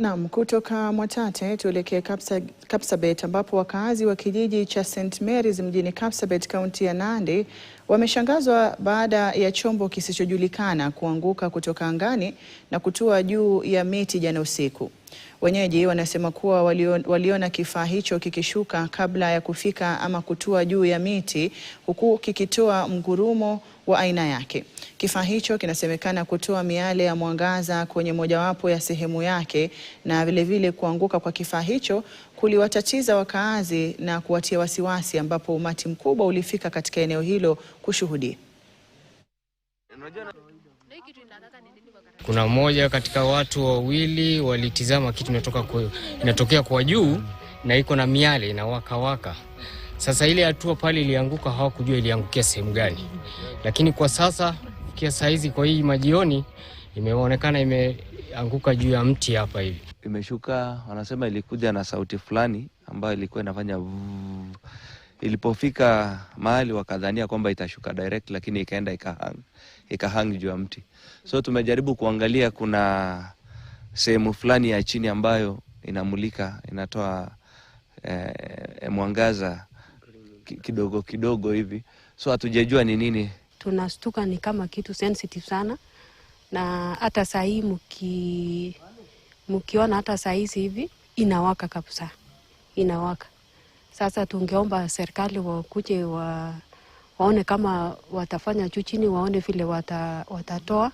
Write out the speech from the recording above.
Naam, kutoka Mwatate tuelekee Kapsabet ambapo wakaazi wa kijiji cha St Mary's mjini Kapsabet, kaunti ya Nandi wameshangazwa baada ya chombo kisichojulikana kuanguka kutoka angani na kutua juu ya miti jana usiku. Wenyeji wanasema kuwa waliona, waliona kifaa hicho kikishuka kabla ya kufika ama kutua juu ya miti huku kikitoa mgurumo wa aina yake. Kifaa hicho kinasemekana kutoa miale ya mwangaza kwenye mojawapo ya sehemu yake na vilevile kuanguka kwa kifaa hicho kuliwatatiza wakaazi na kuwatia wasiwasi ambapo umati mkubwa ulifika katika eneo hilo kushuhudia. Kuna mmoja katika watu wawili walitizama kitu inatoka kwa, inatokea kwa juu na iko na miale inawakawaka. Sasa ile hatua pale ilianguka, hawakujua iliangukia sehemu gani, lakini kwa sasa kia saizi kwa hii majioni imeonekana imeanguka juu ya mti hapa hivi, imeshuka. Wanasema ilikuja na sauti fulani ambayo ilikuwa inafanya ilipofika mahali wakadhania kwamba itashuka direct, lakini ikaenda ikahang, ikahang juu ya mti. So tumejaribu kuangalia, kuna sehemu fulani ya chini ambayo inamulika inatoa eh, mwangaza kidogo kidogo hivi, so hatujajua ni nini. Tunastuka ni kama kitu sensitive sana, na hata sahii mki mkiona hata sahizi hivi inawaka kabisa, inawaka sasa tungeomba serikali wakuje wa, waone kama watafanya juu chini, waone vile wata, watatoa